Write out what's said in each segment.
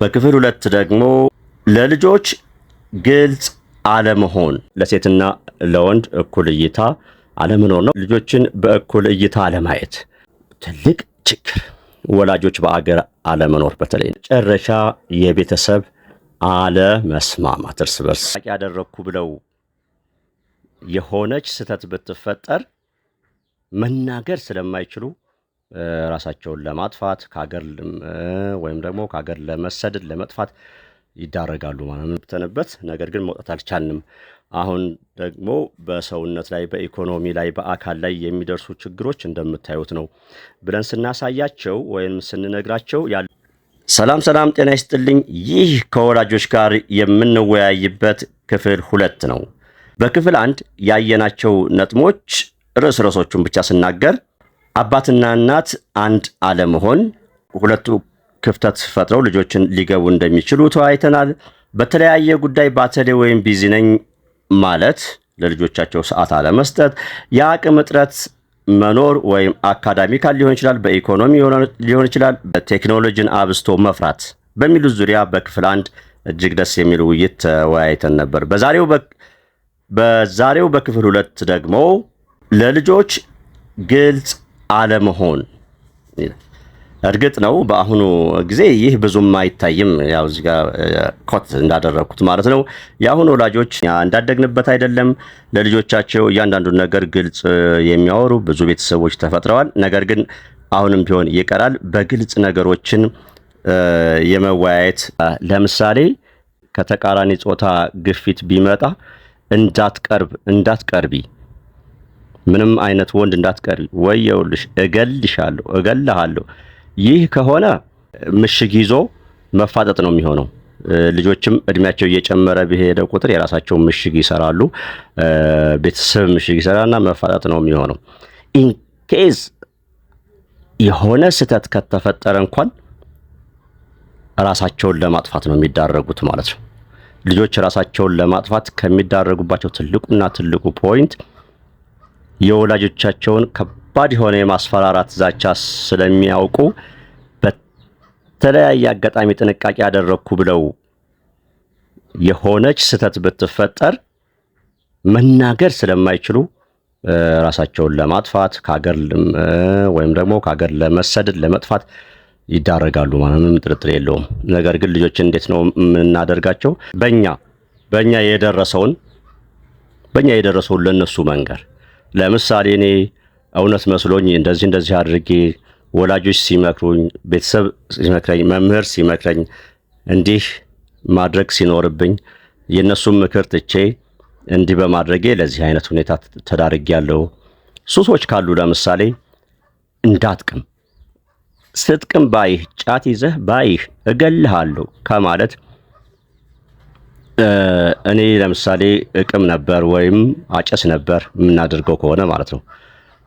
በክፍል ሁለት ደግሞ ለልጆች ግልጽ አለመሆን ለሴትና ለወንድ እኩል እይታ አለመኖር ነው። ልጆችን በእኩል እይታ አለማየት ትልቅ ችግር፣ ወላጆች በአገር አለመኖር፣ በተለይ መጨረሻ የቤተሰብ አለመስማማት እርስ በርስ ያደረግኩ ብለው የሆነች ስህተት ብትፈጠር መናገር ስለማይችሉ ራሳቸውን ለማጥፋት ከሀገር ወይም ደግሞ ከሀገር ለመሰደድ ለመጥፋት ይዳረጋሉ ማለት ነው። ነገር ግን መውጣት አልቻልንም። አሁን ደግሞ በሰውነት ላይ በኢኮኖሚ ላይ በአካል ላይ የሚደርሱ ችግሮች እንደምታዩት ነው ብለን ስናሳያቸው ወይም ስንነግራቸው ያሉ ሰላም ሰላም፣ ጤና ይስጥልኝ። ይህ ከወላጆች ጋር የምንወያይበት ክፍል ሁለት ነው። በክፍል አንድ ያየናቸው ነጥሞች ርዕስ ርዕሶቹን ብቻ ስናገር አባትና እናት አንድ አለመሆን ሁለቱ ክፍተት ፈጥረው ልጆችን ሊገቡ እንደሚችሉ ተወያይተናል። በተለያየ ጉዳይ ባተሌ ወይም ቢዚ ነኝ ማለት ለልጆቻቸው ሰዓት አለመስጠት፣ የአቅም እጥረት መኖር ወይም አካዳሚካል ሊሆን ይችላል፣ በኢኮኖሚ ሊሆን ይችላል፣ ቴክኖሎጂን አብስቶ መፍራት በሚሉት ዙሪያ በክፍል አንድ እጅግ ደስ የሚል ውይይት ተወያይተን ነበር። በዛሬው በክፍል ሁለት ደግሞ ለልጆች ግልጽ አለመሆን እርግጥ ነው በአሁኑ ጊዜ ይህ ብዙም አይታይም። ያው እዚህ ጋር ኮት እንዳደረግኩት ማለት ነው። የአሁኑ ወላጆች እንዳደግንበት አይደለም። ለልጆቻቸው እያንዳንዱን ነገር ግልጽ የሚያወሩ ብዙ ቤተሰቦች ተፈጥረዋል። ነገር ግን አሁንም ቢሆን ይቀራል በግልጽ ነገሮችን የመወያየት ለምሳሌ ከተቃራኒ ጾታ ግፊት ቢመጣ እንዳትቀርብ እንዳትቀርቢ ምንም አይነት ወንድ እንዳትቀሪ ወይ የውልሽ እገልሻለሁ፣ እገልሃለሁ። ይህ ከሆነ ምሽግ ይዞ መፋጠጥ ነው የሚሆነው። ልጆችም እድሜያቸው እየጨመረ በሄደ ቁጥር የራሳቸውን ምሽግ ይሰራሉ። ቤተሰብ ምሽግ ይሰራልና መፋጠጥ ነው የሚሆነው። ኢንኬዝ የሆነ ስህተት ከተፈጠረ እንኳን ራሳቸውን ለማጥፋት ነው የሚዳረጉት ማለት ነው። ልጆች ራሳቸውን ለማጥፋት ከሚዳረጉባቸው ትልቁና ትልቁ ፖይንት የወላጆቻቸውን ከባድ የሆነ የማስፈራራት ዛቻ ስለሚያውቁ በተለያየ አጋጣሚ ጥንቃቄ ያደረግኩ ብለው የሆነች ስህተት ብትፈጠር መናገር ስለማይችሉ ራሳቸውን ለማጥፋት ከሀገር ወይም ደግሞ ከሀገር ለመሰደድ ለመጥፋት ይዳረጋሉ። ማለትም ጥርጥር የለውም። ነገር ግን ልጆች እንዴት ነው የምናደርጋቸው? በእኛ በእኛ የደረሰውን በእኛ የደረሰውን ለእነሱ መንገር ለምሳሌ እኔ እውነት መስሎኝ እንደዚህ እንደዚህ አድርጌ ወላጆች ሲመክሩኝ፣ ቤተሰብ ሲመክረኝ፣ መምህር ሲመክረኝ እንዲህ ማድረግ ሲኖርብኝ የእነሱን ምክር ትቼ እንዲህ በማድረጌ ለዚህ አይነት ሁኔታ ተዳርጌ ያለው። ሱሶች ካሉ ለምሳሌ እንዳትቅም ስትቅም ባይህ ጫት ይዘህ ባይህ እገልሃለሁ ከማለት እኔ ለምሳሌ እቅም ነበር ወይም አጨስ ነበር የምናደርገው ከሆነ ማለት ነው።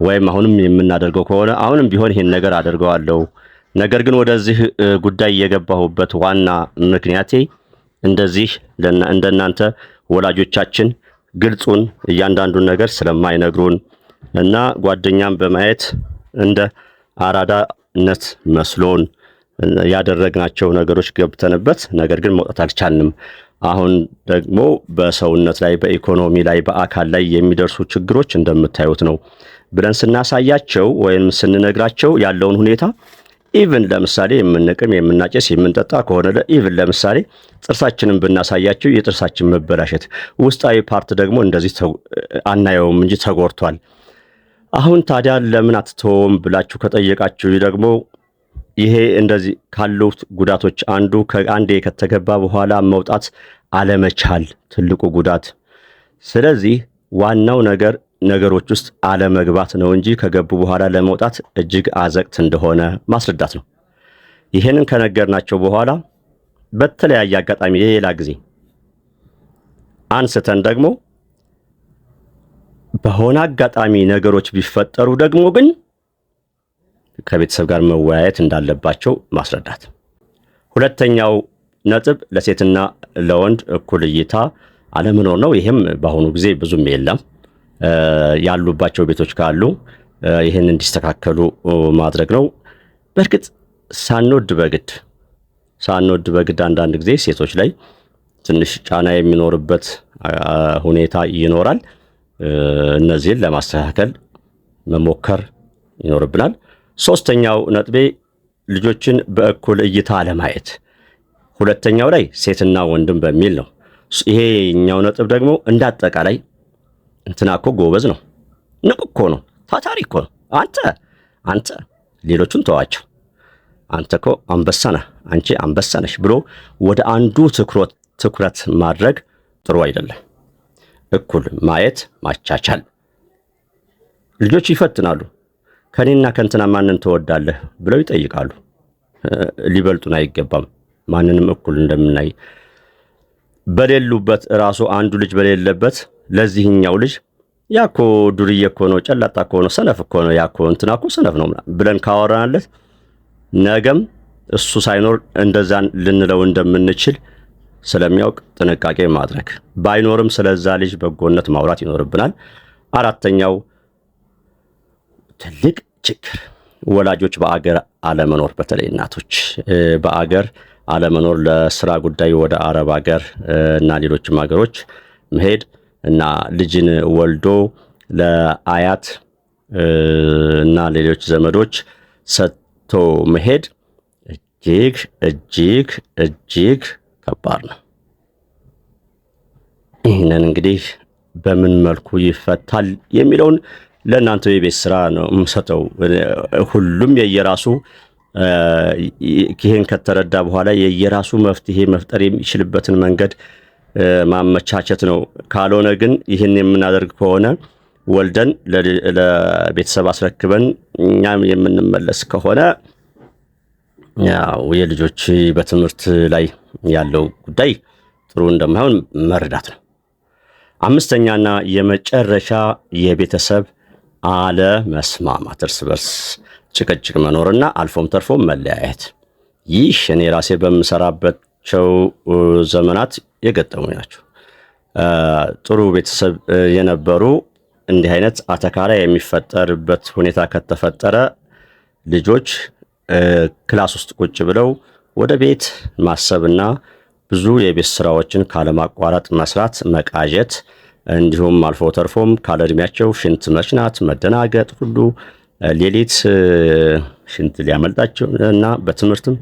ወይም አሁንም የምናደርገው ከሆነ አሁንም ቢሆን ይሄን ነገር አደርገዋለሁ። ነገር ግን ወደዚህ ጉዳይ የገባሁበት ዋና ምክንያቴ እንደዚህ እንደናንተ ወላጆቻችን ግልጹን እያንዳንዱን ነገር ስለማይነግሩን እና ጓደኛም በማየት እንደ አራዳነት መስሎን ያደረግናቸው ነገሮች ገብተንበት ነገር ግን መውጣት አልቻልንም። አሁን ደግሞ በሰውነት ላይ በኢኮኖሚ ላይ በአካል ላይ የሚደርሱ ችግሮች እንደምታዩት ነው ብለን ስናሳያቸው ወይም ስንነግራቸው ያለውን ሁኔታ ኢቭን ለምሳሌ የምንቅም የምናጨስ የምንጠጣ ከሆነ ኢቭን ለምሳሌ ጥርሳችንን ብናሳያቸው የጥርሳችን መበላሸት ውስጣዊ ፓርት ደግሞ እንደዚህ አናየውም እንጂ ተጎድቷል። አሁን ታዲያ ለምን አትተወውም ብላችሁ ከጠየቃችሁ ደግሞ ይሄ እንደዚህ ካሉት ጉዳቶች አንዱ ከአንዴ ከተገባ በኋላ መውጣት አለመቻል ትልቁ ጉዳት። ስለዚህ ዋናው ነገር ነገሮች ውስጥ አለመግባት ነው እንጂ ከገቡ በኋላ ለመውጣት እጅግ አዘቅት እንደሆነ ማስረዳት ነው። ይህንን ከነገርናቸው በኋላ በተለያየ አጋጣሚ የሌላ ጊዜ አንስተን ደግሞ በሆነ አጋጣሚ ነገሮች ቢፈጠሩ ደግሞ ግን ከቤተሰብ ጋር መወያየት እንዳለባቸው ማስረዳት። ሁለተኛው ነጥብ ለሴትና ለወንድ እኩል እይታ አለመኖር ነው። ይህም በአሁኑ ጊዜ ብዙም የለም። ያሉባቸው ቤቶች ካሉ ይህን እንዲስተካከሉ ማድረግ ነው። በእርግጥ ሳንወድ በግድ ሳንወድ በግድ አንዳንድ ጊዜ ሴቶች ላይ ትንሽ ጫና የሚኖርበት ሁኔታ ይኖራል። እነዚህን ለማስተካከል መሞከር ይኖርብናል። ሶስተኛው ነጥቤ ልጆችን በእኩል እይታ አለማየት፣ ሁለተኛው ላይ ሴትና ወንድም በሚል ነው። ይሄኛው ነጥብ ደግሞ እንዳጠቃላይ እንትና እኮ ጎበዝ ነው፣ ንቁ እኮ ነው፣ ታታሪ እኮ ነው፣ አንተ አንተ ሌሎቹን ተዋቸው፣ አንተ እኮ አንበሳ ነህ፣ አንቺ አንበሳ ነሽ ብሎ ወደ አንዱ ትኩረት ማድረግ ጥሩ አይደለም። እኩል ማየት ማቻቻል። ልጆች ይፈትናሉ። ከእኔና ከእንትና ማንን ትወዳለህ ብለው ይጠይቃሉ። ሊበልጡን አይገባም። ማንንም እኩል እንደምናይ በሌሉበት ራሱ አንዱ ልጅ በሌለበት ለዚህኛው ልጅ ያኮ ዱርዬ እኮ ነው፣ ጨላጣ እኮ ነው፣ ሰነፍ እኮ ነው፣ ያኮ እንትና እኮ ሰነፍ ነው ብለን ካወራናለት ነገም እሱ ሳይኖር እንደዛን ልንለው እንደምንችል ስለሚያውቅ ጥንቃቄ ማድረግ ባይኖርም ስለዛ ልጅ በጎነት ማውራት ይኖርብናል። አራተኛው ትልቅ ችግር ወላጆች በአገር አለመኖር በተለይ እናቶች በአገር አለመኖር ለስራ ጉዳይ ወደ አረብ ሀገር እና ሌሎችም ሀገሮች መሄድ እና ልጅን ወልዶ ለአያት እና ሌሎች ዘመዶች ሰጥቶ መሄድ እጅግ እጅግ እጅግ ከባድ ነው። ይህንን እንግዲህ በምን መልኩ ይፈታል የሚለውን ለእናንተ የቤት ስራ ነው የምሰጠው። ሁሉም የየራሱ ይህን ከተረዳ በኋላ የየራሱ መፍትሄ መፍጠር የሚችልበትን መንገድ ማመቻቸት ነው። ካልሆነ ግን ይህን የምናደርግ ከሆነ ወልደን ለቤተሰብ አስረክበን እኛም የምንመለስ ከሆነ ያው የልጆች በትምህርት ላይ ያለው ጉዳይ ጥሩ እንደማይሆን መረዳት ነው። አምስተኛና የመጨረሻ የቤተሰብ መስማማት እርስ በርስ ጭቅጭቅ መኖርና አልፎም ተርፎም መለያየት ይህ እኔ ራሴ በምሰራባቸው ዘመናት የገጠሙ ናቸው። ጥሩ ቤተሰብ የነበሩ እንዲህ አይነት አተካራ የሚፈጠርበት ሁኔታ ከተፈጠረ ልጆች ክላስ ውስጥ ቁጭ ብለው ወደ ቤት ማሰብና ብዙ የቤት ስራዎችን ካለማቋረጥ መስራት መቃዠት እንዲሁም አልፎ ተርፎም ካለ እድሜያቸው ሽንት መሽናት፣ መደናገጥ ሁሉ ሌሊት ሽንት ሊያመልጣቸው እና በትምህርትም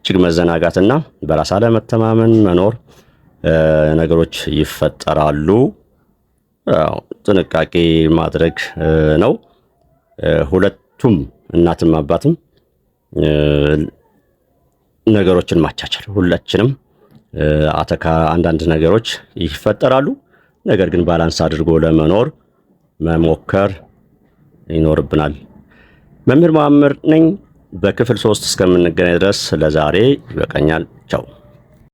እጅግ መዘናጋትና በራስ አለመተማመን መኖር ነገሮች ይፈጠራሉ። ጥንቃቄ ማድረግ ነው። ሁለቱም እናትም አባትም ነገሮችን ማቻቻል ሁላችንም አተካ አንዳንድ ነገሮች ይፈጠራሉ። ነገር ግን ባላንስ አድርጎ ለመኖር መሞከር ይኖርብናል። መምህር መአምር ነኝ። በክፍል ሶስት እስከምንገናኝ ድረስ ለዛሬ ይበቃኛል። ቻው